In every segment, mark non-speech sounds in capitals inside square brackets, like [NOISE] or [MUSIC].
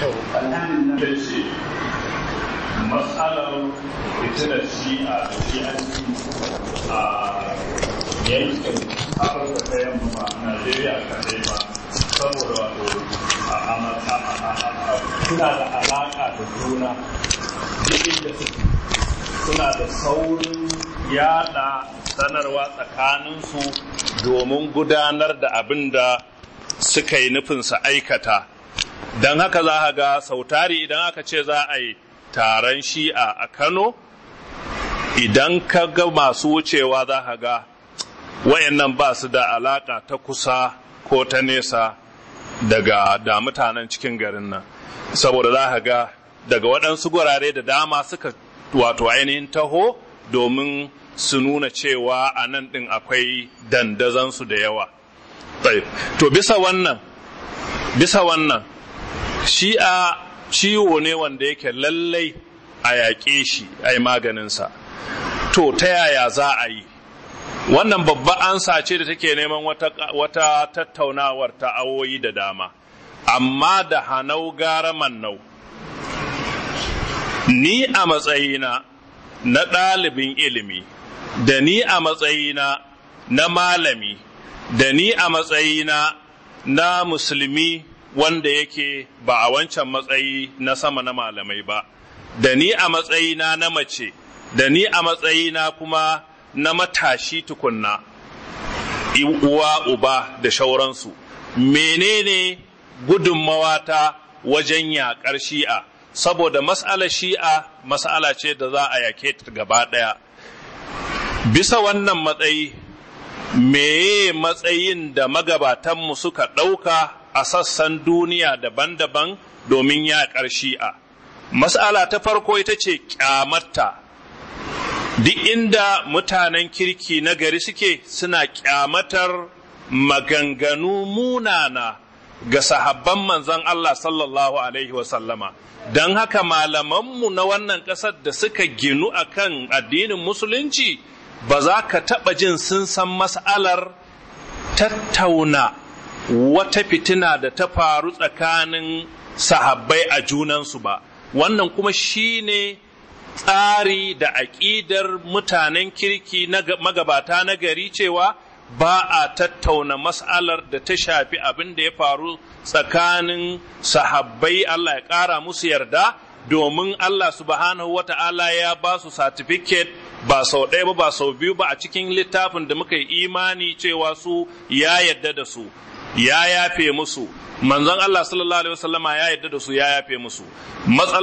ta ce matsalar fitinar shi'a da shi'anci a yankin afirka ta yamma najeriya kadai ba saboda wato a suna da alaƙa da juna jikin da suke suna da saurin yada sanarwa tsakaninsu domin gudanar da abin da suka yi nufin aikata don haka za a ga sautari idan aka ce za a yi taron shi'a a kano idan ka ga masu wucewa za a ga wayannan ba su da alaka ta kusa ko ta nesa daga da mutanen cikin garin nan saboda za a ga daga waɗansu gurare da dama suka wato ainihin taho domin su nuna cewa a nan ɗin akwai dandazansu da yawa to bisa wannan bisa wannan shi'a ciwo ne wanda yake lallai a yaƙe shi a yi maganinsa to ta yaya za a yi wannan babba ansa ce da take neman wata, wata tattaunawar ta awoyi da dama amma da hanau gara mannau ni a matsayina na ɗalibin ilimi da ni a matsayina na malami da ni a matsayina na musulmi wanda yake ba a wancan matsayi na sama na malamai ba da ni a matsayina na mace da ni a matsayina kuma na matashi tukunna uwa uba da shauransu menene gudunmawata wajen yaƙar shi'a saboda mas'alar shi'a mas'ala ce da za a yake ta gaba ɗaya bisa wannan matsayi meye matsayin da magabatanmu suka ɗauka a sassan duniya daban-daban domin yaƙar shi'a. Mas'ala ta farko ita ce ƙyamarta, duk inda mutanen kirki na gari suke suna ƙyamatar maganganu munana ga sahabban manzon Allah sallallahu Alaihi wasallama. Don haka malamanmu na wannan ƙasar da suka ginu a kan addinin musulunci ba za ka taɓa jin sun san mas'alar tattauna wata fitina da ta faru tsakanin sahabbai a junansu ba wannan kuma shi ne tsari da aƙidar mutanen kirki na magabata na gari cewa ba a tattauna mas'alar da ta shafi abin da ya faru tsakanin sahabbai Allah ya ƙara musu yarda domin Allah subhanahu wa ta'ala ya ba su certificate ba sau ɗaya ba ba sau biyu ba a cikin littafin da muka yi imani cewa su ya yarda da su ya yafe musu manzon Allah sallallahu alaihi wasallama ya yadda da su ya yafe musu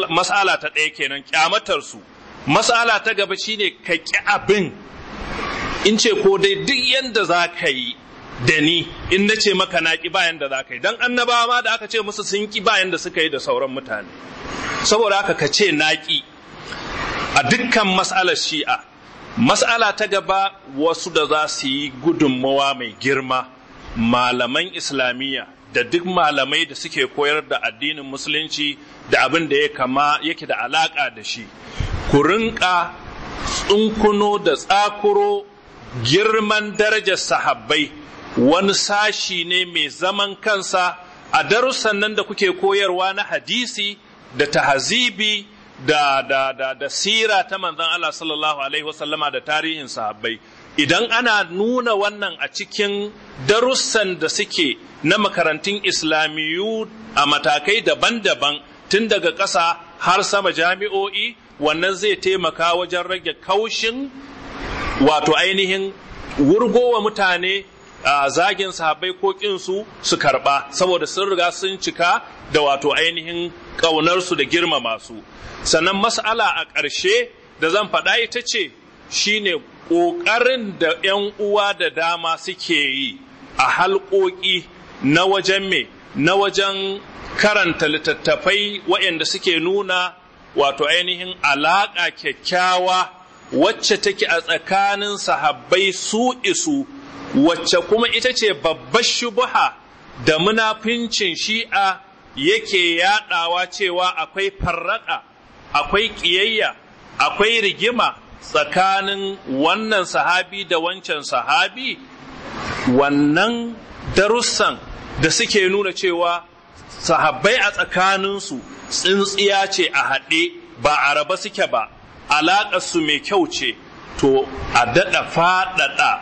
mas'ala ta ɗaya kenan kyamatar su mas'ala ta gaba shine ka ki abin in ce ko dai duk yanda za ka yi da ni in na ce maka na ki bayan da za ka yi dan annabawa ma da aka ce musu sun ki bayan da suka yi da sauran mutane saboda aka ka ce na a dukkan mas'alar shi'a mas'ala ta gaba wasu da za su yi gudunmawa mai girma malaman islamiyya da duk malamai da suke koyar da addinin musulunci da abin da ya kama yake da alaƙa da shi ku rinƙa tsunkuno da tsakuro girman darajar sahabbai wani sashi ne mai zaman kansa a darussan nan da kuke koyarwa na hadisi da tahazibi da da da da sira ta manzon Allah sallallahu alaihi wasallama da tarihin sahabbai idan ana nuna wannan a cikin darussan da suke na makarantun islamiyu a matakai daban-daban tun daga ƙasa har sama jami'o'i wannan zai taimaka wajen rage kaushin wato ainihin wurgowa mutane a zagin sahabbai ko kinsu su karɓa saboda sun riga sun cika da wato ainihin ƙaunarsu da girma masu, sannan mas'ala a ƙarshe da zan faɗa ita ce shine ƙoƙarin da 'yan uwa da dama suke yi a halƙoƙi na wajen me na wajen karanta littattafai waɗanda suke nuna wato ainihin alaƙa kyakkyawa wacce take a tsakanin sahabbai su isu wacce kuma ita ce babbar shubuha da munafincin shi'a yake yaɗawa cewa akwai farraɗa akwai ƙiyayya akwai rigima tsakanin wannan sahabi da wancan sahabi wannan darussan da suke nuna cewa sahabbai a tsakaninsu tsintsiya ce a haɗe ba a raba suke ba alaƙarsu mai kyau ce to a daɗa faɗaɗa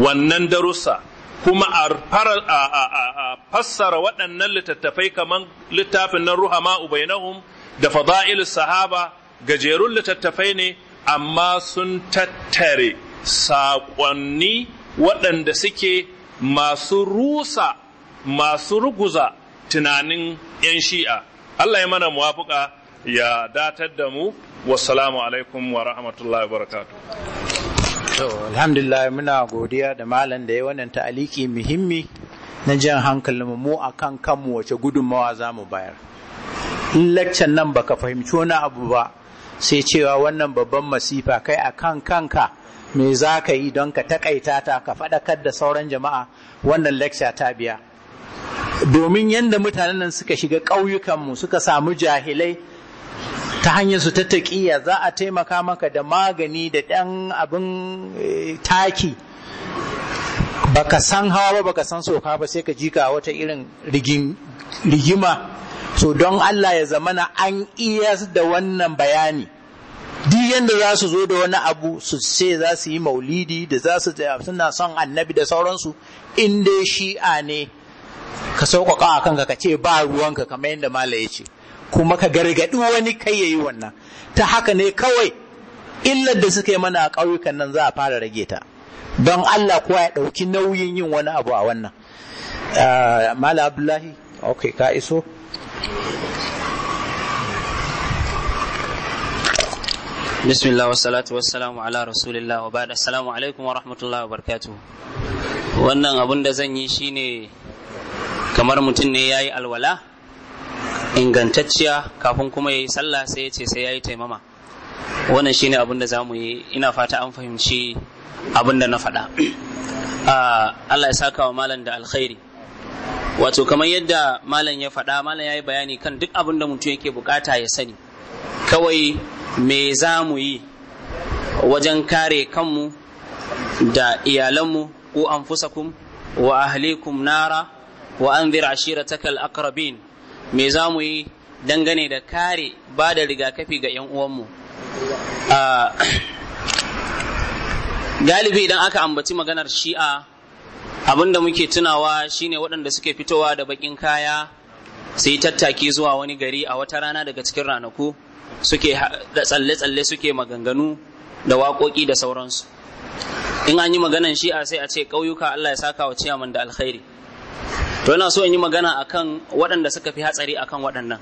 wannan darussa kuma a fassara waɗannan littattafai kamar littafin nan ruhama ubainahum da fada'il sahaba gajerun littattafai ne amma sun tattare saƙonni waɗanda suke masu rusa masu ruguza tunanin 'yan shi'a Allah ya mana muwafuka ya datar da mu wasalamu alaikum wa rahmatullahi wa barakatu alhamdulillah muna godiya da malam da ya wannan ta'aliki muhimmi na jan hankalinmu mu akan kanmu wace gudunmawa za mu bayar in laccan nan baka fahimci wani abu ba sai cewa wannan babban masifa kai a kan kanka me za ka yi don ka taƙaita ta ka faɗakar da sauran jama'a wannan lecture ta biya domin yadda mutanen nan suka shiga ƙauyukanmu suka samu jahilai ta hanyar su ta taƙiya za a taimaka maka da magani da ɗan abin eh, taki baka san hawa ba baka san soka ba sai ka jika wata irin rigima so don Allah ya zamana an iya da wannan bayani duk yadda za su zo da wani abu su ce za su yi maulidi da za su suna son annabi da sauransu in dai shi'a ne ka sauƙaƙa a kanka ka ce ba ruwanka kamar yadda mala ya ce kuma ka gargaɗi wani kai ya yi wannan ta haka ne kawai illar da suka yi mana a ƙauyukan nan za a fara rage ta don Allah kuwa ya ɗauki nauyin yin wani abu a wannan ah, mala abdullahi ok ka iso bismillah wasalatu wassalamu ala wa ba'da assalamu alaikum wa rahmatullahi wa barkatu. wannan abun da zan yi shine kamar mutum ne ya yi alwala ingantacciya kafin kuma ya yi sallah sai ya ce sai ya yi taimama wannan shine abun da za mu yi ina fata an fahimci abun da na faɗa ah, Allah ya saka wa malam da alkhairi wato kamar yadda malam ya faɗa malam ya yi bayani kan duk abin da mutum yake bukata ya sani kawai me za mu yi wajen kare kanmu da iyalanmu ku anfusakum wa ahlikum nara wa zira shira al-aqrabin me za mu yi dangane da kare ba da rigakafi ga 'yan uwanmu ah, [CLEARS THROAT] galibi idan aka ambaci maganar shi'a abin da muke tunawa shine waɗanda suke fitowa da baƙin kaya sai tattaki zuwa wani gari a wata rana daga cikin ranaku suke da tsalle-tsalle suke maganganu da waƙoƙi da sauransu in an yi maganan shi'a sai a ce ƙauyuka Allah ya saka wa ciyaman da alkhairi to yana so in yi magana akan waɗanda suka fi hatsari akan waɗannan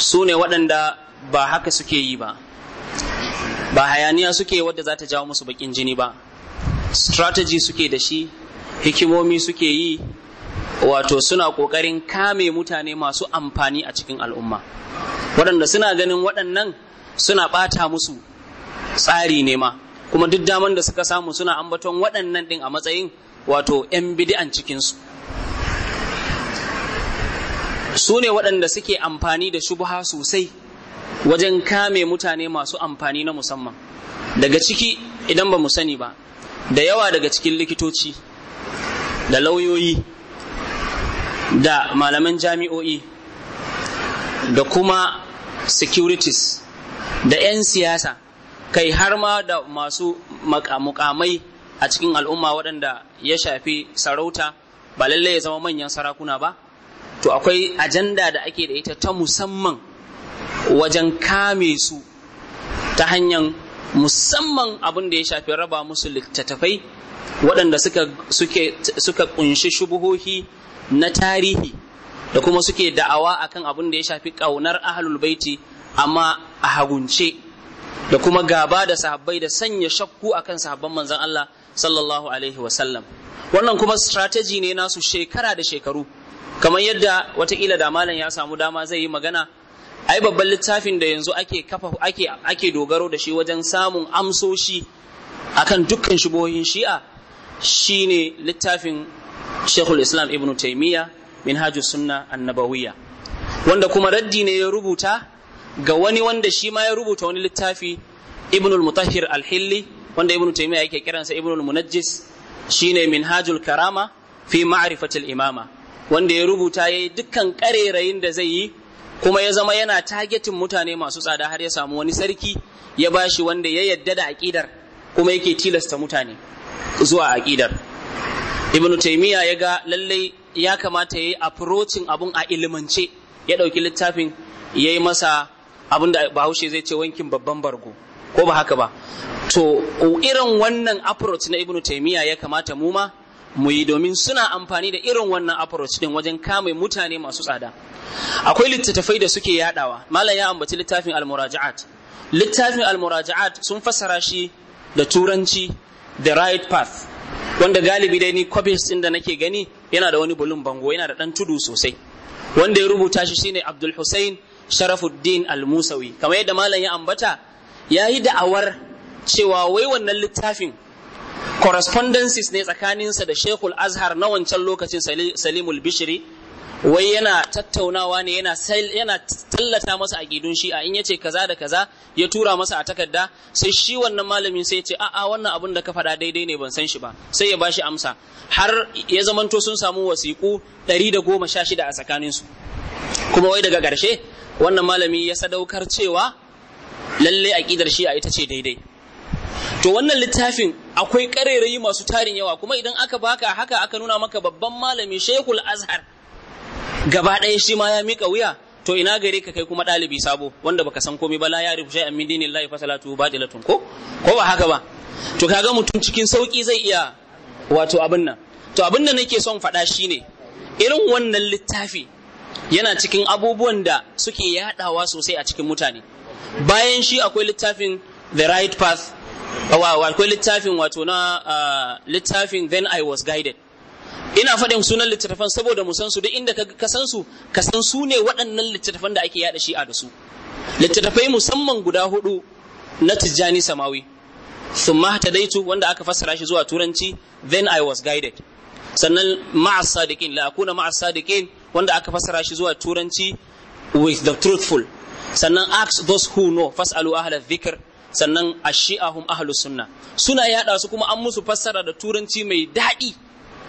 su ne waɗanda ba haka suke yi ba ba hayaniya suke wadda za ta jawo musu bakin jini ba strategy suke da shi hikimomi suke yi wato suna ƙoƙarin kame mutane masu amfani a cikin al'umma waɗanda suna ganin waɗannan suna ɓata musu tsari ne ma kuma duk daman da suka samu suna ambaton waɗannan ɗin a matsayin wato 'yan bidi'an cikinsu su ne waɗanda suke amfani da shubha sosai wajen kame mutane masu amfani na musamman daga ciki idan ba mu sani ba da yawa daga cikin likitoci da lauyoyi da malaman jami'o'i da kuma securities da 'yan siyasa kai har ma da masu mukamai a cikin al'umma waɗanda ya shafi sarauta ba lallai ya zama manyan sarakuna ba to akwai ajanda da ake da ita ta musamman wajen kame su ta hanyar musamman abin da ya shafi raba musu littattafai waɗanda suka suke suka kunshi shubuhohi na tarihi da kuma suke da'awa akan abin da ya shafi ƙaunar ahalul baiti amma a hagunce da kuma gaba da sahabbai da sanya shakku akan sahabban manzon Allah sallallahu alaihi wasallam wannan kuma strategy ne nasu shekara da shekaru kamar yadda watakila da malam ya samu dama zai yi magana ai babban littafin da yanzu ake kafa ake ake dogaro da shi wajen samun amsoshi akan dukkan shubohin shi'a shine littafin Sheikhul Islam Ibn Taymiyyah Minhajus Sunna An-Nabawiyya wanda kuma raddi ne ya rubuta ga wani wanda shi ma ya rubuta wani littafi Ibn al-Mutahhir al-Hilli wanda Ibn Taymiyyah yake kiransa Ibn al-Munajjis shine Minhajul Karama fi Ma'rifatil Imama wanda ya rubuta yayi dukkan karerayin da zai yi kuma ya zama yana tagetin mutane masu tsada har ya samu wani sarki ya bashi wanda ya yadda da aƙidar kuma yake tilasta mutane zuwa aƙidar ibnu taimiyya ya ga lallai ya kamata ya yi approaching abun a ilimance ya ɗauki littafin ya yi masa abin da bahaushe zai ce wankin babban bargo ko ba haka ba to irin wannan approach na ibnu taimiyya ya kamata mu ma mu yi domin suna amfani da irin wannan approach din wajen kame mutane masu tsada akwai littattafai da suke yadawa malam ya ambaci littafin al-muraja'at littafin al-muraja'at sun fassara shi da turanci the right path wanda galibi dai ni copies din da nake gani yana da wani bulun bango yana da dan tudu sosai wanda ya rubuta shi shine Abdul Hussein Sharafuddin Al-Musawi kamar yadda malam ya ambata yayi da'awar cewa wai wannan littafin correspondences ne tsakaninsa da Sheikhul Azhar na wancan lokacin Salimul Bishri wai yana tattaunawa ne yana tallata masa shi a in yace kaza da kaza ya tura masa a takarda sai shi wannan malamin sai ya ce a'a wannan abun da ka faɗa daidai ne ban san shi ba sai ya bashi amsa har ya zamanto sun samu wasiku da goma sha shida a tsakaninsu kuma wai daga ƙarshe wannan malami ya sadaukar cewa lalle shi a ita ce daidai to wannan littafin akwai ƙarairayi masu tarin yawa kuma idan aka baka haka aka nuna maka babban malami shekul azhar gaba ɗaya shi ma ya miƙa wuya to ina gare ka kai kuma ɗalibi sabo wanda baka san komai ba la ya shay'an min dinillahi fa salatu batilatun ko ko ba haka ba to kaga mutum cikin sauki zai iya wato abin nan to abin da nake son faɗa shine irin wannan littafi yana cikin abubuwan da suke yaɗawa sosai a cikin mutane bayan shi akwai littafin the right path wa akwai littafin wato na littafin then I was guided ina faɗin sunan littattafan saboda mu san su duk inda ka san su ka san su ne waɗannan littattafan da ake yada shi a da su littattafai musamman guda hudu na Tijjani Samawi thumma daitu wanda aka fassara shi zuwa turanci then I was guided sannan ma'as sadiqin la akuna ma'as sadiqin wanda aka fassara shi zuwa turanci with the truthful sannan ask those who know fasalu ahla dhikr sannan ashi'ahum ahlus sunna suna yada su kuma an musu fassara da turanci mai daɗi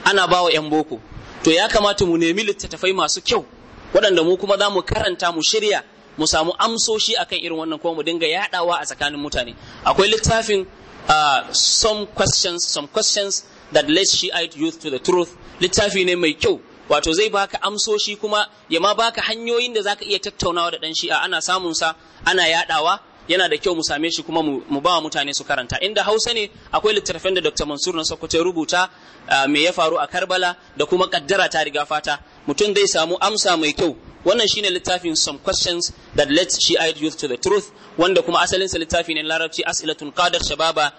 ana bawa yan boko to ya kamata mu nemi littattafai masu kyau waɗanda mu kuma zamu karanta mu shirya mu samu amsoshi akan irin wannan kuma mu dinga yadawa a tsakanin mutane akwai littafin uh, some questions some questions that leads Shiite youth to the truth littafi ne mai kyau wato zai baka amsoshi kuma ya ma baka hanyoyin da zaka iya tattaunawa da dan shi'a ana samun sa ana yadawa yana da kyau mu same shi kuma mu ba mutane su karanta inda hausa ne akwai littattafan da dr mansur na sokoto ya rubuta me ya faru a karbala da kuma kaddara ta riga fata mutum zai samu amsa mai kyau wannan shine littafin some questions that let shiite youth to the truth wanda kuma asalinsa littafi ne larabci as'ilatun qadar shababa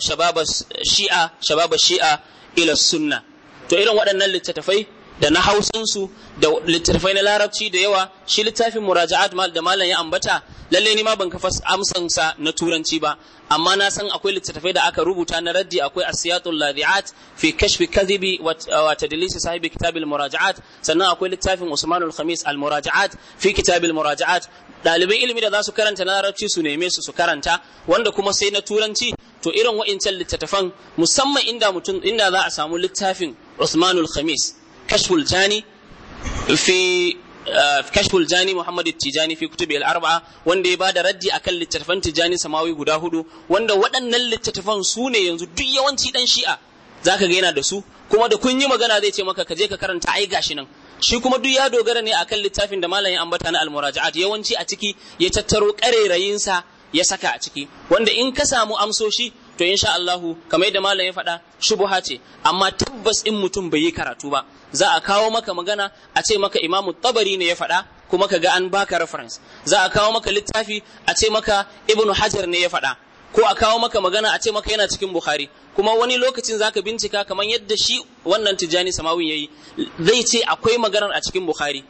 shababa shi'a shababa shi'a ila sunna to irin waɗannan littattafai da na hausansu da littattafai na larabci da yawa shi littafin muraja'at da malam ya ambata lalle ni ma ban kafa amsansa na turanci ba amma na san akwai littattafai da aka rubuta na raddi akwai asiyatul ladhi'at fi kashfi kadhibi wa tadlisi sahibi kitabil muraja'at sannan akwai littafin usman al-khamis al-muraja'at fi kitabil muraja'at ɗaliban ilimi da za su karanta na larabci su neme su su karanta wanda kuma sai na turanci to irin wa'incan littattafan musamman inda mutum inda za a samu littafin usmanul khamis كشف الجاني في jani Muhammad Tijani fi kutubi al-arba'a wanda ya bada raddi akan littattafan Tijani samawi guda hudu wanda waɗannan littattafan su ne yanzu duk yawanci dan Shi'a zaka ga yana da su kuma da kun yi magana zai ce maka ka je ka karanta ai gashi nan shi kuma duk ya dogara ne akan littafin da malamin ambata na al-muraja'at yawanci a ciki ya tattaro karerayinsa ya saka a ciki wanda in ka samu amsoshi to insha Allahu kamar yadda malam ya faɗa shubuha ce amma tabbas in mutum bai yi karatu ba za a kawo maka magana a ce maka imamu tabari ne ya faɗa kuma ka ga an baka reference za a kawo maka littafi a ce maka ibnu hajar ne ya faɗa ko a kawo maka magana a ce maka yana cikin bukhari kuma wani lokacin zaka bincika kamar yadda shi wannan tijani samawin yi, zai ce akwai maganar a cikin bukhari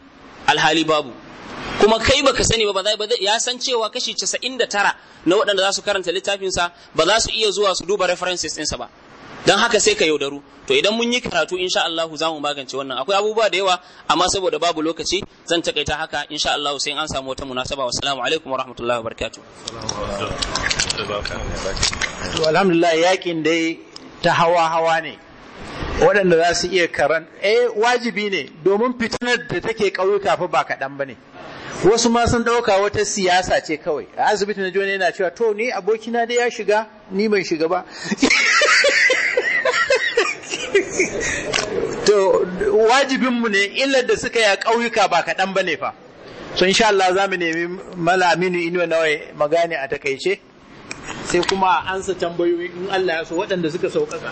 alhali babu kuma kai baka sani ba ya san cewa kashi 99 na waɗanda za su karanta littafinsa ba za su iya zuwa su duba references ɗinsa ba don haka sai ka yaudaru to idan mun yi karatu insha Allah za mu magance wannan akwai abubuwa da yawa amma saboda babu lokaci zan takaita haka insha Allah sai an samu wata munasaba wa salamu alaikum wa rahmatullahi wa barakatuh Alhamdulilah alhamdulillah dai ta hawa hawa ne waɗanda za su iya karan eh wajibi ne domin fitinar da take ƙauyuka fa ba kaɗan ba ne wasu ma sun ɗauka wata siyasa ce kawai a asibiti na jone yana cewa to ni abokina da ya shiga ni mai shiga ba [LAUGHS] to wajibinmu ne illar da suka ya ƙauyuka ba kaɗan ba ne fa so insha Allah za mu nemi malaminu inuwa nawai magani a takaice sai kuma ansa tambayoyi in Allah ya so waɗanda suka sauƙaƙa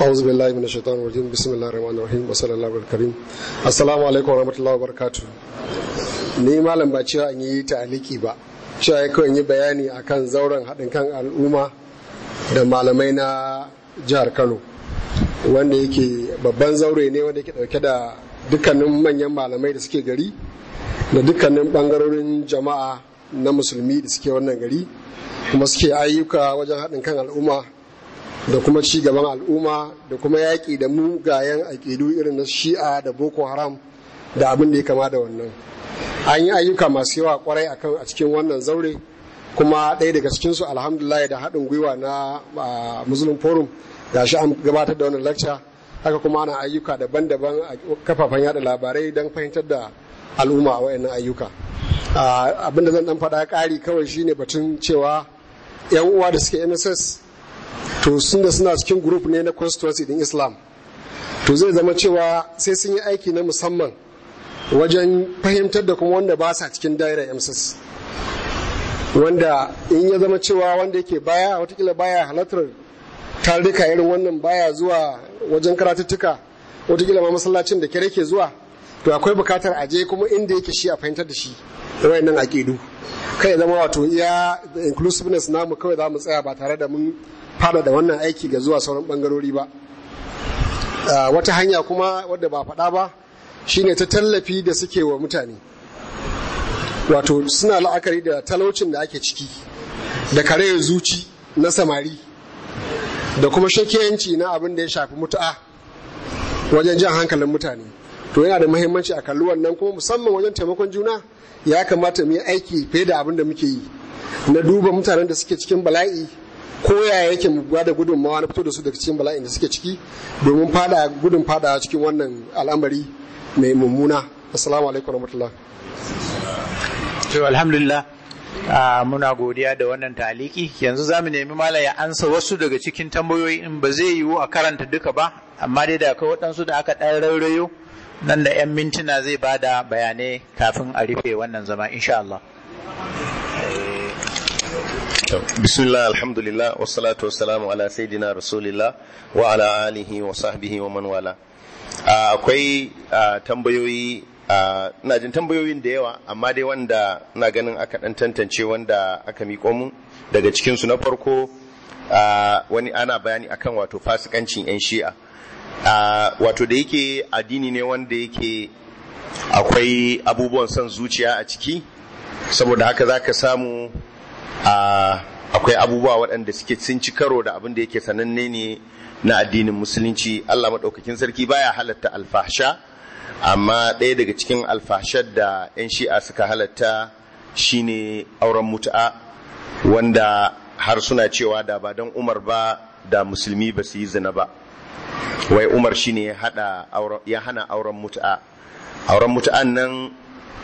a'udhu billahi minash shaitani rajim bismillahir rahmanir rahim wa sallallahu alaihi karim assalamu alaikum wa rahmatullahi wa barakatuh ni malam ba cewa an yi ta'aliki ba cewa ya kawai yi bayani akan zauren haɗin kan al'umma da malamai na jihar Kano wanda yake babban zaure ne wanda yake dauke da dukkanin manyan malamai da suke gari da dukkanin bangarorin jama'a na musulmi da suke wannan gari kuma suke ayyuka wajen haɗin kan al'umma da kuma ci gaban al'umma da kuma yaƙi da mugayen aƙidu irin na shi'a da boko haram da abin da ya kama da wannan an yi ayyuka masu yawa kwarai akan a cikin wannan zaure kuma ɗaya daga cikinsu alhamdulillah da haɗin gwiwa na muslim forum da shi an gabatar da wannan lacca haka kuma ana ayyuka daban-daban a kafafen yada labarai don fahimtar da al'umma a wayannan ayyuka abinda zan dan faɗa kari kawai shine batun cewa yan uwa da suke nss to sun da suna cikin group ne na constituency din islam to zai zama cewa sai sun yi aiki na musamman wajen fahimtar da kuma wanda ba sa cikin daira mss wanda in ya zama cewa wanda yake baya watakila baya halartar tarika irin wannan baya zuwa wajen karatuttuka watakila ma masallacin da kere ke zuwa to akwai bukatar aje kuma inda yake shi a fahimtar da shi a aqidu kai zama wato iya inclusiveness namu kawai za mu tsaya ba tare da mun fada da wannan aiki ga zuwa sauran bangarori ba wata hanya kuma wadda ba faɗa ba shine ta tallafi da suke wa mutane wato suna la'akari da talaucin da ake ciki da karayar zuci na samari da kuma shakiyanci na abin da ya shafi mutu'a wajen jan hankalin mutane to yana da muhimmanci a kalli wannan kuma musamman wajen taimakon juna ya kamata mu yi aiki fiye da abin da muke yi na duba mutanen da suke cikin bala'i ko ya yake mu bada gudunmawa na fito da su daga cikin bala'i da suke ciki domin fada gudun fada cikin wannan al'amari mai mummuna assalamu alaikum warahmatullah to alhamdulillah muna godiya da wannan taliki yanzu za mu nemi mala ya ansa wasu daga cikin tambayoyi in ba zai yiwu a karanta duka ba amma dai da akwai waɗansu da aka ɗan rairayo nan da 'yan mintuna zai ba da bayanai kafin a rufe wannan zama insha Allah. bismillah alhamdulillah wassalatu wassalamu ala sayyidina rasulillah wa ala alihi wa sahbihi wa man wala akwai tambayoyi na jin tambayoyin da yawa amma dai wanda na ganin aka dan tantance wanda aka miƙo mu daga cikinsu na farko wani ana bayani akan wato fasikancin 'yan shi'a wato da yake addini ne wanda yake akwai abubuwan son zuciya a ciki saboda haka za ka samu akwai abubuwa waɗanda suke sun ci karo da abin da yake sananne ne na addinin musulunci Allah maɗaukakin sarki baya halatta alfahsha amma ɗaya daga cikin alfahshar da 'yan shi'a suka halatta shine auren mutu'a wanda har suna cewa da ba don umar ba da musulmi ba su yi zina ba wai umar shine ya hada ya hana auren mut'a auren mut'an nan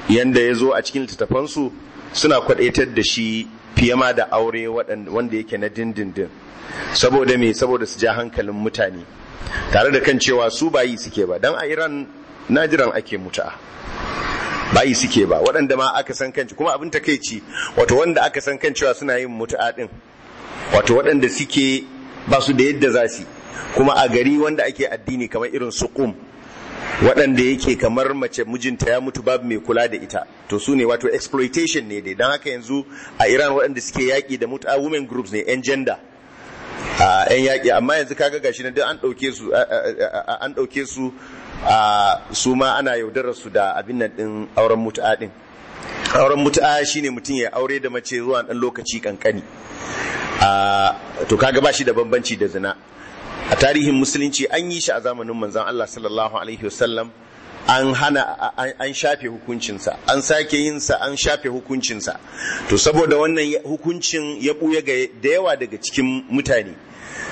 yanda ya zo a cikin littattafansu suna kwadaitar da shi fiye ma da aure wanda yake na dindindin saboda me saboda su ja hankalin mutane tare da kan cewa su bayi suke ba dan a Iran najiran ake mutu'a bayi suke ba waɗanda ma aka san kanci kuma abin takeici wato wanda aka san kan cewa suna yin mutu'a din wato waɗanda suke ba su da yadda za su kuma a gari wanda ake addini kamar irin su waɗanda yake kamar mace mijinta ya mutu babu mai kula da ita to su ne wato exploitation ne dai don haka yanzu a iran waɗanda suke yaƙi da mutu women groups ne 'yan gender a 'yan yaƙi amma yanzu kaga gashi na Don an ɗauke su an a su ma ana yaudarar su da abin nan ɗin auren mutu'a ɗin auren mutu'a shine mutum ya aure da mace zuwa ɗan lokaci kankani to kaga ba shi da bambanci da zina tarihin musulunci an yi shi a zamanin manzon Allah sallallahu alaihi wasallam an hana an shafe hukuncinsa an sake yinsa an shafe hukuncinsa to saboda wannan hukuncin ya buya ga da yawa daga cikin mutane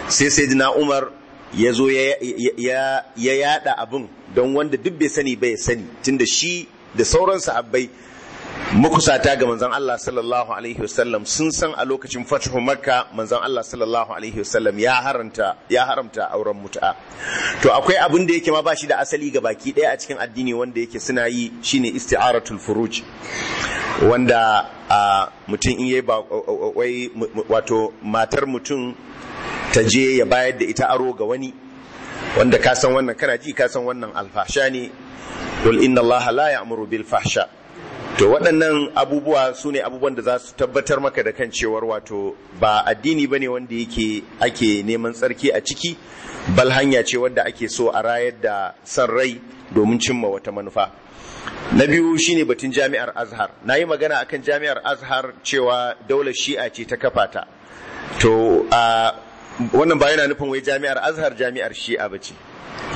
sai na Umar ya zo ya yada abin don wanda duk bai sani bai sani tunda shi da sauran sahabbai makusata ga manzon Allah sallallahu alaihi wasallam sun san a lokacin fatihu makka manzon Allah sallallahu alaihi wasallam ya haramta auren mutu'a. to akwai abin da yake ma shi da asali ga baki daya a cikin addini wanda yake suna yi shine isti'aratul furuj wanda mutum in yayi ba wato matar mutum ta je ya bayar da ita aro ga wani wanda ka san wannan kana ji ka san wannan alfahsha ne qul inna allaha la ya'muru bil fahsha to waɗannan abubuwa su ne abubuwan da za su tabbatar maka da kan cewar wato ba addini ba ne wanda yake ake neman tsarki a ciki bal hanya ce wadda ake so a rayar da san rai domin cimma wata manufa na biyu shi ne batun jami'ar azhar na yi magana a kan jami'ar azhar cewa daular shi'a ce ta kafa ta to a wannan ba nufin wai jami'ar azhar jami'ar shi'a ba ce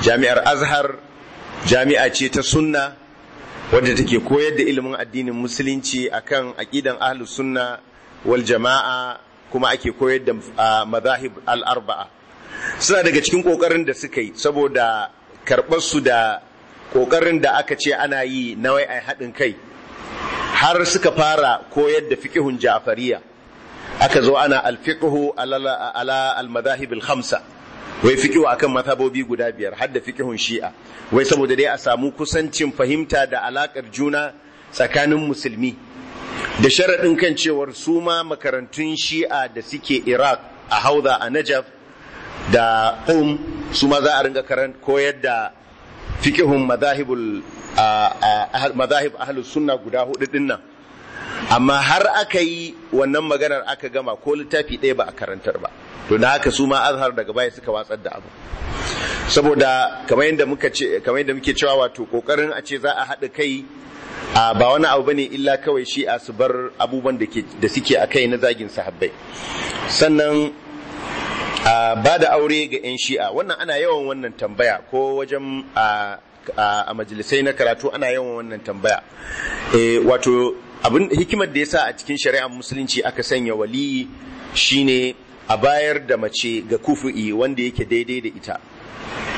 jami'ar azhar jami'a ce ta sunna wadda take koyar da ilimin addinin musulunci akan aqidan ahlus sunna wal jama'a kuma ake koyar da mazahib al arba'a suna daga cikin ƙoƙarin da suka yi saboda karɓar su da kokarin da aka ce ana yi na wai ai haɗin kai har suka fara koyar da fiqhun ja'fariya aka zo ana al fiqhu ala al madahib al khamsa wai fikihu akan mazhabobi guda biyar hadda fikihun shi'a wai saboda dai a samu kusancin fahimta da alakar juna tsakanin musulmi da sharaɗin kan cewar su ma makarantun shi'a da suke iraq a hauza a najaf da um su ma za a ringa koyar da fikihun mazahib ahlus sunna guda hudu dinnan amma har aka yi wannan maganar aka gama ko littafi ɗaya ba a karantar ba to da haka su ma azhar daga baya suka watsar da abu saboda kamar yadda muka ce kamar yadda muke cewa wato kokarin a ce za a haɗa kai a ba wani abu bane illa kawai shi a su bar abubuwan da ke da suke a kai na zagin sahabbai sannan ba da aure ga 'yan shi'a wannan ana yawan wannan tambaya ko wajen a majalisai na karatu ana yawan wannan tambaya eh, wato abin hikimar da sa a cikin shari'ar musulunci aka sanya wali shine a bayar da mace ga kufu'i wanda yake daidai da ita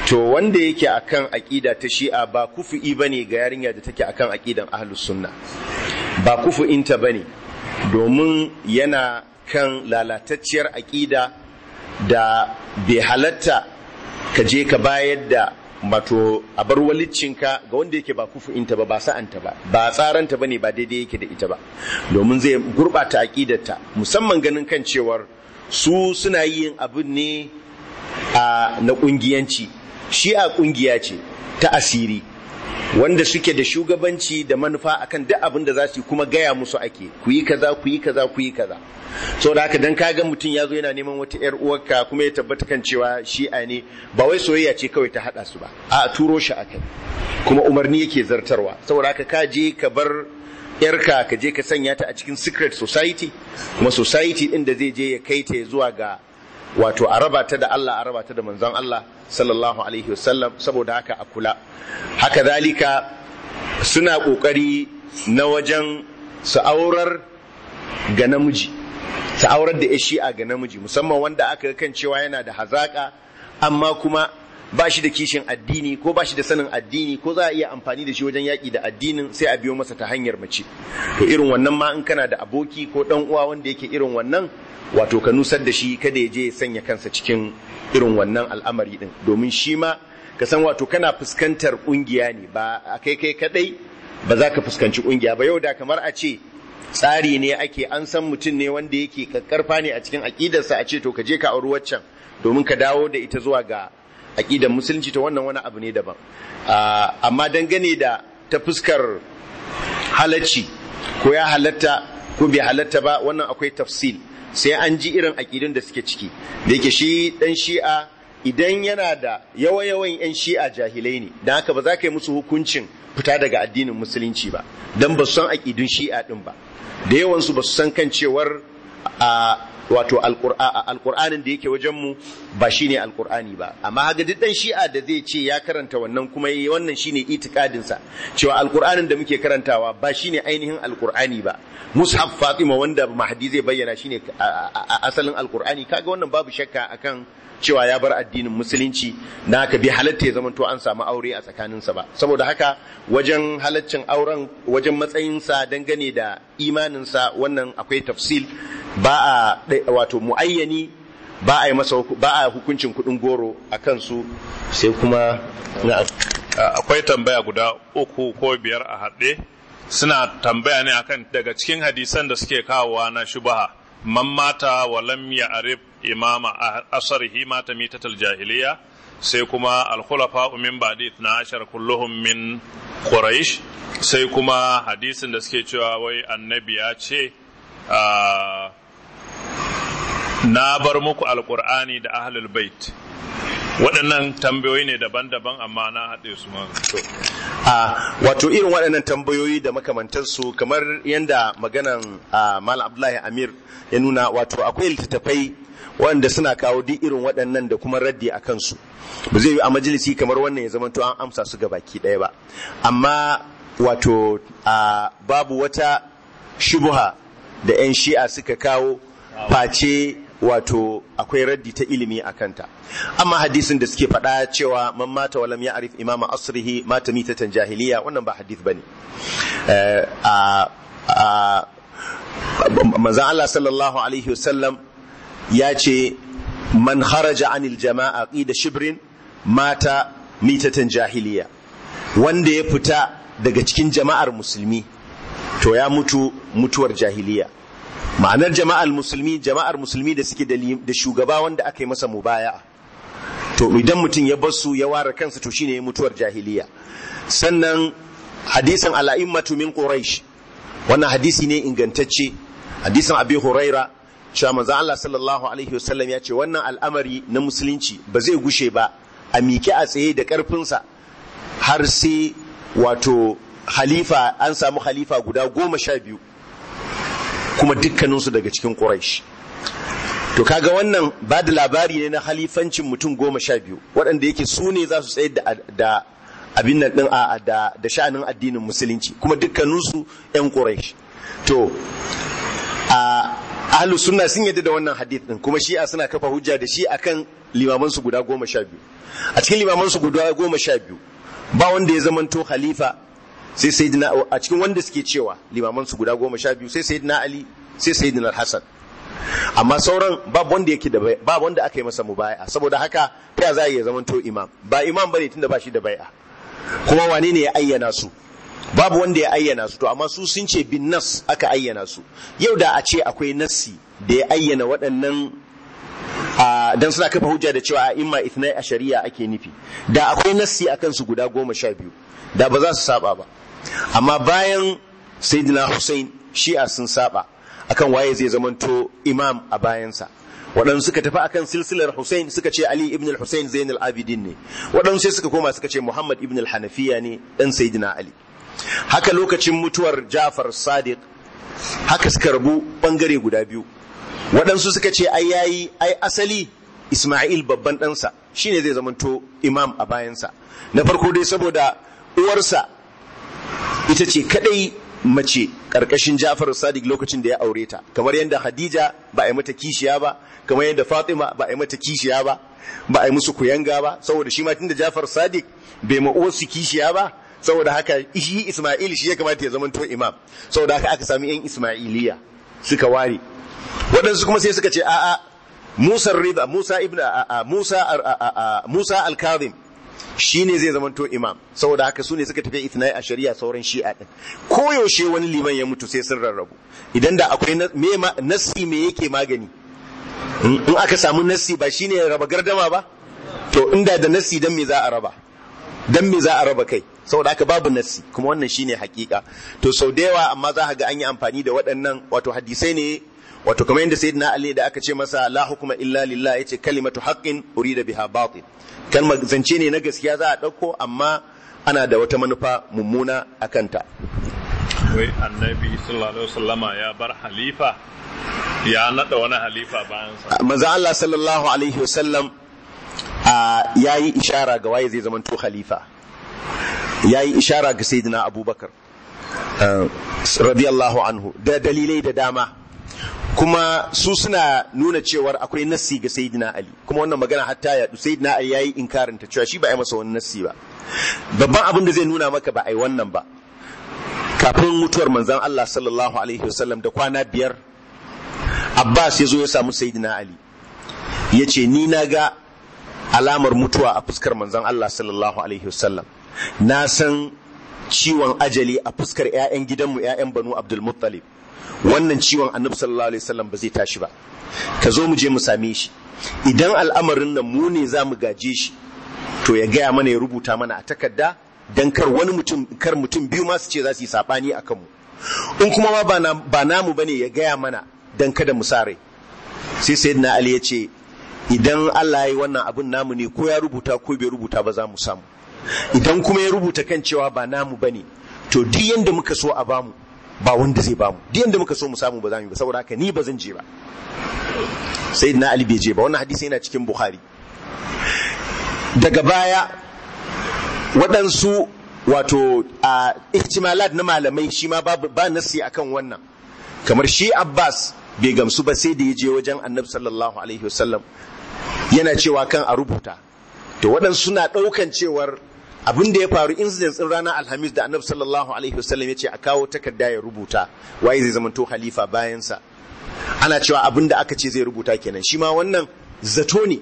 to wanda yake akan aƙida ta shi'a ba kufu'i bane ga yarinya da take akan aƙidan ahlus sunna ba kufu'inta bane domin yana kan lalatacciyar aƙida da bai halatta ka je ka bayar da mato a bar walicinka ga wanda yake ba kufu'inta ba ba sa'anta ba ba tsaranta bane ba daidai yake da ita ba domin zai gurɓata aƙidarta musamman ganin kan cewar su suna yin abin ne a na kungiyanci shi'a ƙungiya ce ta asiri wanda suke da shugabanci da manufa akan duk abin da za su kuma gaya musu ake ku yi kaza ku yi kaza ku yi kaza so da haka dan kaga mutum ya zo yana neman wata yar uwarka kuma ya tabbata kan cewa shi'a ne ba wai soyayya ce kawai ta hada su ba a turo shi akai kuma umarni yake zartarwa saboda haka ka je ka bar yarka ka je ka sanya ta a cikin secret society kuma society din da zai je ya kai ta zuwa ga wato a raba ta da Allah a raba ta da manzon Allah sallallahu alaihi wasallam saboda haka a kula haka zalika suna kokari na wajen su aurar ga namiji su aurar da shi'a ga namiji musamman wanda aka kan cewa yana da hazaka amma kuma ba shi da kishin addini ko ba shi da sanin addini ko za a iya amfani da shi wajen yaƙi da addinin sai a biyo masa ta hanyar mace to irin wannan ma in kana da aboki ko dan uwa wanda yake irin wannan wato ka nusar da shi kada ya je ya sanya kansa cikin irin wannan al'amari din domin shi ma ka san wato kana fuskantar kungiya ne ba a kai kai kadai ba za ka fuskanci kungiya ba yau da kamar a ce tsari ne ake an san mutum ne wanda yake kakkarfa ne a cikin aƙidarsa a ce to ka je ka auri waccan domin ka dawo da ita zuwa ga aƙidar musulunci ta wannan wani abu ne daban ah, amma dangane da ta fuskar halacci ko ya halatta ko bai halatta ba wannan akwai tafsil sai an ji irin aƙidun da suke ciki da yake shi ɗan shi'a idan yana da yawa-yawan 'yan shi'a jahilai ne don haka ba za ka yi musu hukuncin fita daga addinin musulunci ba don ba su san aƙidun shi'a ɗin ba da yawansu ba su san kan cewar ah, wato alkur'anin da yake wajen mu ba shine alkur'ani ba amma haga duk dan shi'a da zai ce ya karanta wannan kuma wannan shine itikadin sa cewa alkur'anin da muke karantawa ba shine ainihin alkur'ani ba mushaf fatima wanda mahdi zai bayyana shine asalin alkur'ani kaga wannan babu shakka akan cewa ya bar addinin musulunci na ka bi halatta ya zamanto an samu aure a tsakaninsa ba saboda haka wajen halaccin auren wajen matsayinsa dangane da imaninsa wannan akwai tafsil ba a wato muayyani ba a yi masa ba a hukuncin kudin goro a kansu sai kuma akwai tambaya guda uku ko biyar a haɗe suna tambaya ne akan daga cikin hadisan da suke kawowa na shubaha man mata wa lam arif imama asarihi mata mitatal jahiliya sai kuma al-khulafa min ba'di 12 kulluhum min quraish sai kuma hadisin da suke cewa wai annabi ya ce ah, na bar muku alkur'ani da ahlul bait waɗannan tambayoyi ne daban-daban amma na haɗe su ma a ah, wato irin waɗannan tambayoyi da makamantarsu kamar yadda maganan ah, malam abdullahi amir ya nuna wato akwai littattafai waɗanda suna kawo duk irin waɗannan da kuma raddi a kansu ba zai yi a majalisi kamar wannan ya zama to an amsa su ga baki ɗaya ba amma wato babu wata shubuha da 'yan shi'a suka kawo face wato akwai raddi ta ilimi a kanta amma hadisin da suke faɗa cewa man mata walam ya arif imama asrihi mata mitatan jahiliya wannan ba hadith bane eh, manzan Allah sallallahu alaihi wasallam ya ce man haraja anil jama'a ƙi da shibrin mata mitatan jahiliya wanda ya fita daga cikin jama'ar musulmi to ya mutu mutuwar jahiliya ma'anar jama'ar musulmi jama'ar musulmi da suke da shugaba wanda aka yi masa mubaya to idan mutum ya bar su ya ware kansa to shine mutuwar jahiliya sannan hadisin ala'immatu min quraish wannan hadisi ne ingantacce hadisin abi huraira cewa manzo Allah sallallahu alaihi wasallam ya ce wannan al'amari na musulunci ba zai gushe ba a miƙe a tsaye da ƙarfinsa har sai wato halifa an samu halifa guda goma sha biyu kuma dukkaninsu daga cikin Quraysh to kaga wannan ba da labari ne na halifancin mutum goma sha biyu waɗanda yake su ne za su tsayar da, da abin nan ɗin a da, da sha'anin addinin musulunci kuma dukkaninsu 'yan Quraysh to a ahlus sunna sun yadda da wannan hadith din kuma shi'a suna kafa hujja da shi akan limaman su guda goma sha biyu a cikin limaman su guda goma sha biyu ba wanda ya zamanto khalifa sai sayyidina a cikin wanda suke cewa limaman su guda goma sha biyu sai sayyidina ali sai sayyidina hasan amma sauran babu wanda yake da babu wanda aka yi masa mubaya saboda haka ya za a iya zamanto imam ba imam bane tunda ba shi da bai'a kuma wane ne ya ayyana su babu wanda ya ayyana su to amma su sun ce bin nas aka ayyana su yau da a ce akwai nassi da ya ayyana waɗannan dan suna kafa hujja da cewa a imma ithnai a shari'a ake nufi da akwai nassi akan su guda goma sha biyu da ba za su saba ba amma bayan sayyidina Hussein shi'a sun saba akan waye zai zamanto imam a bayansa waɗansu suka tafi akan silsilar Hussein suka ce Ali ibn al-Hussein abidin ne waɗansu sai suka koma suka ce Muhammad ibn al-Hanafiya ne dan sayyidina Ali haka lokacin mutuwar jafar sadiq haka suka rabu bangare guda biyu waɗansu suka ce ai yayi ai asali isma'il babban ɗansa shine zai zamanto imam a bayansa na farko dai saboda uwarsa ita ce kadai mace ƙarƙashin Jafar Sadiq lokacin da ya aure ta kamar yadda Hadija ba a yi mata kishiya ba kamar yadda Fatima ba a yi mata kishiya ba ba a yi musu kuyanga ba saboda shi ma tunda Jafar Sadiq bai ma uwarsu kishiya ba saboda haka shi Ismail shi ya kamata ya zama to imam saboda haka aka sami yan Ismailiya suka ware waɗansu kuma sai suka ce a Musa Rida Musa ibn Musa Musa al kadhim shine zai zama to imam saboda haka su ne suka tafi ithnai a shari'a sauran shi'a din koyaushe wani liman ya mutu sai sun rarrabu idan da akwai nasi me yake magani in aka samu nasi ba shine raba gardama ba to inda da nasi dan me za a raba dan me za a raba kai saboda haka babu nassi kuma wannan shine hakika to sau da yawa amma za ka ga an yi amfani da waɗannan wato hadisai ne wato kamar yadda sayyidina ali da aka ce masa la hukuma illa lillah yace kalimatu haqqin urida biha batil kalmar zance ne na gaskiya za a ɗauko amma ana da wata manufa mummuna a kanta wai annabi sallallahu alaihi wasallama ya bar halifa ya nada wani halifa bayan sa manzo Allah sallallahu alaihi wasallam ya yi ishara ga waye zai zama to khalifa ya yi ishara ga sayyidina abubakar eh, radiyallahu anhu da dalilai da dama kuma su suna nuna cewar akwai nassi ga sayyidina ali kuma wannan magana hatta ya sayyidina ali yayi inkarin ta cewa shi ba ya masa wani nassi ba babban abin da zai nuna maka ba yi wannan ba kafin mutuwar manzon Allah sallallahu alaihi wasallam da kwana biyar Abbas ya zo ya samu sayyidina ali ya ce ni na ga alamar mutuwa a fuskar manzon Allah sallallahu alaihi wasallam na san ciwon ajali a fuskar 'ya'yan gidanmu 'ya'yan banu abdulmuttalib wannan ciwon annabi sallallahu alaihi wasallam ba zai tashi ba ka zo mu je mu same shi idan al'amarin nan mu ne za mu gaje shi to ya gaya mana ya rubuta mana a takarda don kar wani mutum kar mutum biyu ma su ce za su yi sabani a kanmu in kuma ma ba namu ne ya gaya mana don kada mu sare sai na ali ya ce idan Allah ya yi wannan abin namu ne ko ya rubuta ko bai rubuta ba za mu samu idan kuma ya rubuta kan cewa ba namu bane to duk yanda muka so a bamu ba wanda zai bamu duk yanda muka so mu samu ba za mu ba saboda haka ni ba zan je ba sayyidina ali bai je ba wannan hadisi yana cikin bukhari daga baya waɗansu wato a ihtimalat na malamai shi ma ba nasi akan wannan kamar shi abbas bai gamsu ba sai da ya je wajen annabi sallallahu alaihi wasallam yana cewa kan a rubuta to waɗansu na ɗaukan cewar abin da ya faru incident din ranar alhamis da annabi sallallahu alaihi wasallam ya ce a kawo takarda ya rubuta waye zai zamanto halifa bayansa ana cewa abin da aka ce zai rubuta kenan shi ma wannan zato ne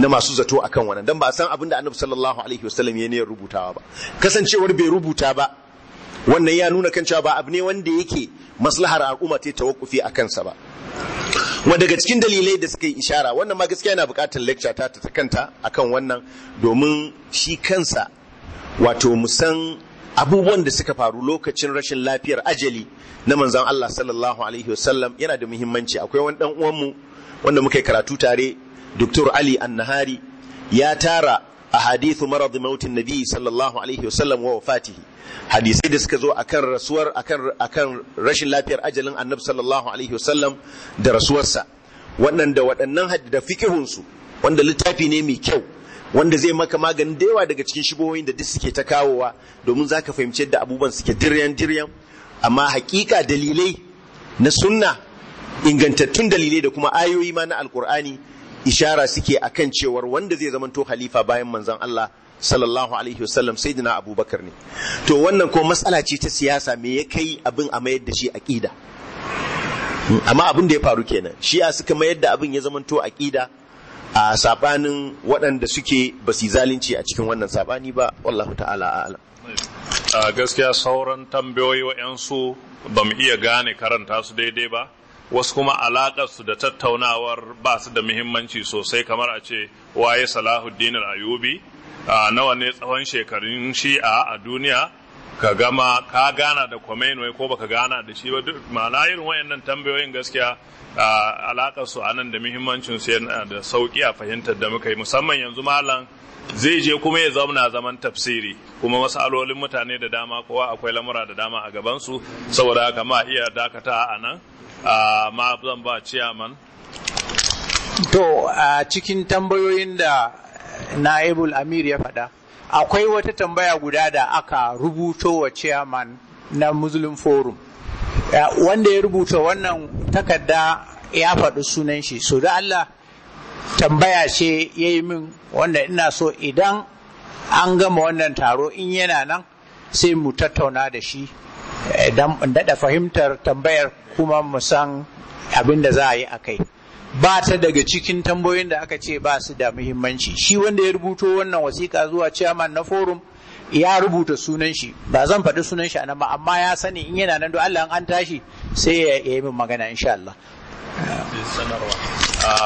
na masu zato akan wannan dan ba a san abin da annabi sallallahu alaihi wasallam ya ne rubutawa ba kasancewar bai rubuta ba wannan ya nuna kan cewa ba abu ne wanda yake maslahar al'umma ta tawakkufi a kansa ba wa daga cikin dalilai da suka yi ishara wannan ma gaskiya yana buƙatar lecture ta ta kanta akan wannan domin shi kansa wato musan abubuwan da suka faru lokacin rashin lafiyar ajali na manzan Allah sallallahu alaihi wasallam yana da muhimmanci akwai wani ɗan uwanmu wanda muka yi karatu tare Dr. Ali Annahari ya tara a hadithu marad mautin nabi sallallahu alaihi wasallam wa wafatihi hadisai da suka zo akan rasuwar akan rashin lafiyar ajalin annabi sallallahu alaihi wasallam da rasuwarsa da waɗannan da fikihunsu wanda littafi ne mai kyau wanda zai maka maganin da yawa daga cikin shibohin da duk suke ta kawowa domin za ka fahimci yadda abubuwan suke diryan diryan amma hakika dalilai na sunna ingantattun dalilai da kuma ayoyi ma na alkur'ani ishara suke akan cewar wanda zai zamanto halifa bayan manzon Allah sallallahu alaihi wasallam sayyidina abubakar ne to wannan ko matsala ce ta siyasa me ya kai abin a mayar da shi aqida hmm, amma abin da ya faru kenan shi'a suka mayar da abin ya zamanto aqida a sabanin waɗanda suke ba su zalunci a cikin wannan sabani ba wallahu ta'ala a gaskiya sauran tambayoyi wa wa'yansu ba mu iya gane karanta su daidai ba wasu kuma su da tattaunawar ba su da muhimmanci sosai kamar a ce waye salahuddin ayubi ayubi nawa ne tsawon shekarun shi'a a duniya ka gama ka gana da kwameno ko baka gana da shi ba duk ma'ana irin wayannan tambayoyin gaskiya alakar su anan da muhimmancin su yana da sauki a fahimtar da muka yi musamman yanzu malam zai je kuma ya zauna zaman tafsiri kuma masalolin mutane da dama kowa akwai lamura da dama a gaban su saboda haka ma iya dakata a nan ma zan ba ciyaman to a cikin tambayoyin da na'ibul amir ya faɗa akwai wata tambaya guda da aka rubuto wa chairman na muslim forum wanda ya rubuta wannan takarda ya faɗi sunan shi so da Allah tambaya ce ya yi min wanda ina so idan an gama wannan taro in yana nan sai mu tattauna da shi eh, don daɗa fahimtar tambayar kuma mu san abin da za a yi a kai. ba ta daga cikin tambayoyin da aka ce ba su da muhimmanci shi wanda ya rubuto wannan wasiƙa zuwa chairman na forum ya rubuta sunan shi ba zan faɗi sunan shi anan ba amma ya sani in yana nan don Allah an tashi sai ya yi min magana insha Allah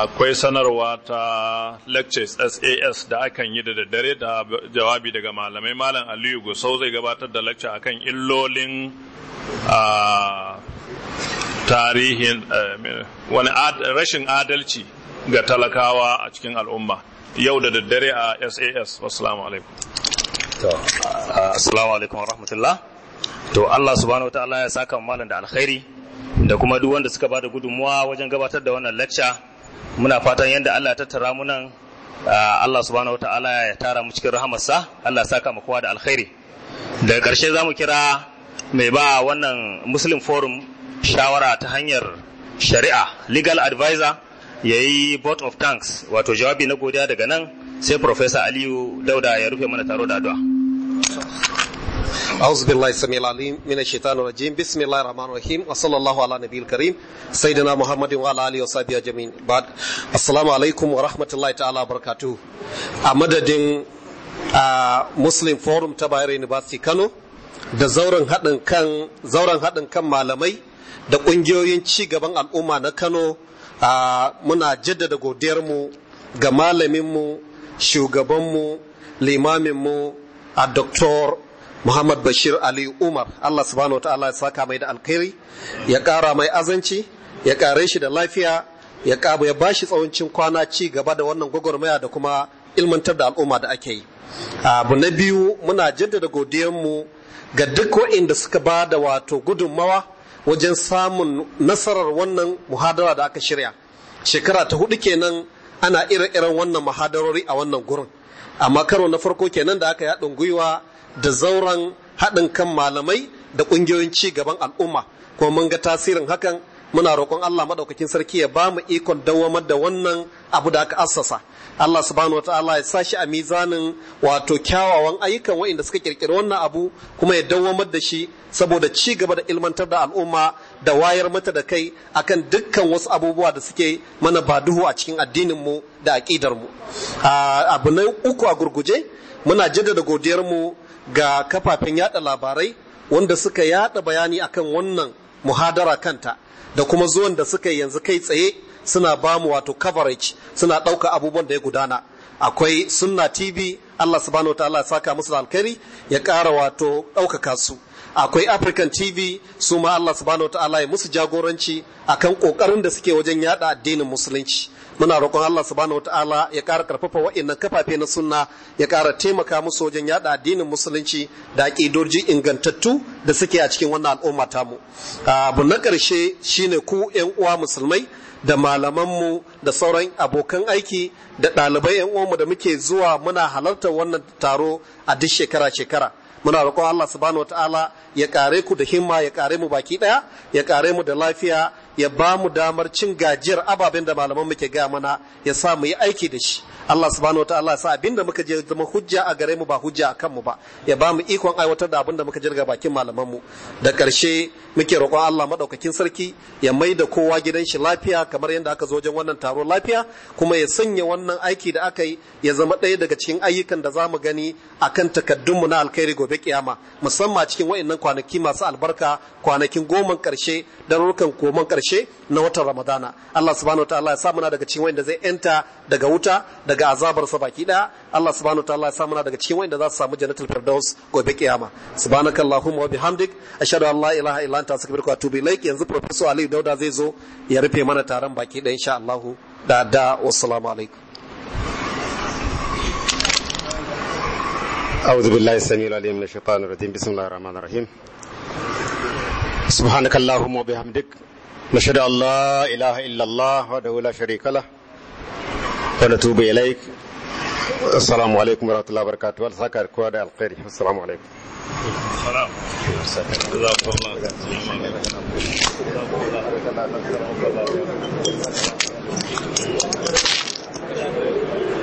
akwai sanarwa ta lectures SAS da akan yi da daddare da jawabi daga malamai malam Aliyu Gusau zai gabatar da lecture akan illolin ah, tarihin eh, wani rashin adalci ga talakawa a cikin al'umma yau da daddare a SAS wasu alaikum to assalamu alaikum warahmatullah to Allah subhanahu wataala ya saka malam da alkhairi da kuma duk wanda suka bada gudunmuwa wajen gabatar da wannan lacca muna fatan yadda Allah ya tattara mu nan Allah subhanahu Allah ya tara mu cikin rahamarsa Allah ya saka mu kowa da alkhairi daga ƙarshe mu kira mai ba wannan Muslim Forum shawara ta hanyar shari'a legal advisor ya yi board of tanks, wato jawabi na godiya daga nan sai professor aliyu dauda ya rufe mana taro da addu'a أعوذ بالله السميع العليم من الشيطان الرجيم بسم الله الرحمن الرحيم وصلى الله على نبي الكريم سيدنا محمد وعلى آله وصحبه أجمعين بعد السلام عليكم ورحمة الله تعالى وبركاته مسلم فورم University Kano da zauren haɗin kan malamai da ƙungiyoyin ci gaban al'umma na Kano muna jaddada godiyarmu ga malaminmu shugabanmu limaminmu a Dr. Muhammad Bashir Ali Umar Allah subhanahu ta'ala ya saka mai da alkhairi ya ƙara mai azanci ya ƙare shi da lafiya ya ƙaba ya bashi tsawancin kwana ci gaba da wannan gwagwarmaya da kuma ilmantar da al'umma da ake yi abu na biyu muna jaddada godiyarmu ga duk waɗanda suka ba da wato gudunmawa wajen samun nasarar wannan muhadara da aka shirya shekara ta hudu kenan ana ire-iren wannan muhadarori a wannan gurin amma karo na farko kenan da aka haɗin gwiwa da zauren haɗin kan malamai da ƙungiyoyin ci gaban al'umma kuma mun ga tasirin hakan muna roƙon Allah maɗaukakin sarki ya ba mu ikon dawamar da wannan abu da aka assasa Allah subhanahu wataala ya sa shi a mizanin wato kyawawan ayyukan waɗanda suka kirkiri wannan abu kuma ya dawwamar da shi saboda ci gaba da ilmantar da al'umma da wayar mata da kai akan dukkan wasu abubuwa da suke mana ba duhu a cikin addinin mu da aqidar mu abu na uku a gurguje muna jaddada godiyar mu ga kafafen yada labarai wanda suka yada bayani akan wannan muhadara kanta da kuma zuwan da suka yanzu kai tsaye suna ba mu wato coverage suna ɗauka abubuwan da ya gudana akwai sunna tv allah subhanahu wa ta'ala saka musu da ya ƙara wato ɗaukaka su akwai african tv su ma allah subhanahu wa ta'ala ya musu jagoranci akan ƙoƙarin da suke wajen yada addinin musulunci muna roƙon Allah subhanahu wataala ya ƙara karfafa wa'annan kafafe na sunna ya ƙara taimaka musu wajen yada addinin musulunci da aƙidoji ingantattu da suke a cikin wannan al'umma tamu abu na ƙarshe shine ku yan uwa musulmai da malamanmu da sauran abokan aiki da ɗalibai yan uwanmu da muke zuwa muna halartar wannan taro a duk shekara-shekara muna roƙon Allah subhanahu wataala ya kare ku da himma ya kare mu baki ɗaya ya kare mu da lafiya ya ba mu damar cin gajiyar ababen da malaman muke gaya mana ya sa mu yi aiki da shi Allah subhanahu wa ta'ala sa abinda muka je zama hujja a gare mu ba hujja a kanmu ba ya ba mu ikon aiwatar da abinda muka jirga bakin malaman mu da karshe muke roƙon Allah madaukakin sarki ya mai da kowa gidan shi lafiya kamar yadda aka zo wajen wannan taro lafiya kuma ya sanya wannan aiki da aka yi ya zama ɗaya daga cikin ayyukan da za mu gani akan mu na alkhairi gobe kiyama musamman cikin wa'annan kwanaki masu albarka kwanakin goman karshe darurukan goman karshe na watan ramadana Allah subhanahu ta'ala ya sa muna daga cikin wa'anda zai yanta daga wuta daga azabarsa baki daya Allah subhanahu wa ta'ala ya samu daga cikin wanda za su samu jannatul firdaus gobe kiyama subhanakallahumma wa bihamdik ashhadu an la ilaha illa anta astaghfiruka wa atubu ilaik yanzu professor Ali Dauda zai zo ya rufe mana taron baki daya insha Allah da da wassalamu alaikum أعوذ بالله السميع العليم من الشيطان الرجيم بسم الله الرحمن الرحيم سبحانك اللهم وبحمدك نشهد أن لا إله إلا الله وحده لا شريك له ونتوب إليك السلام عليكم ورحمة الله وبركاته والسكر كوادا الخير السلام عليكم السلام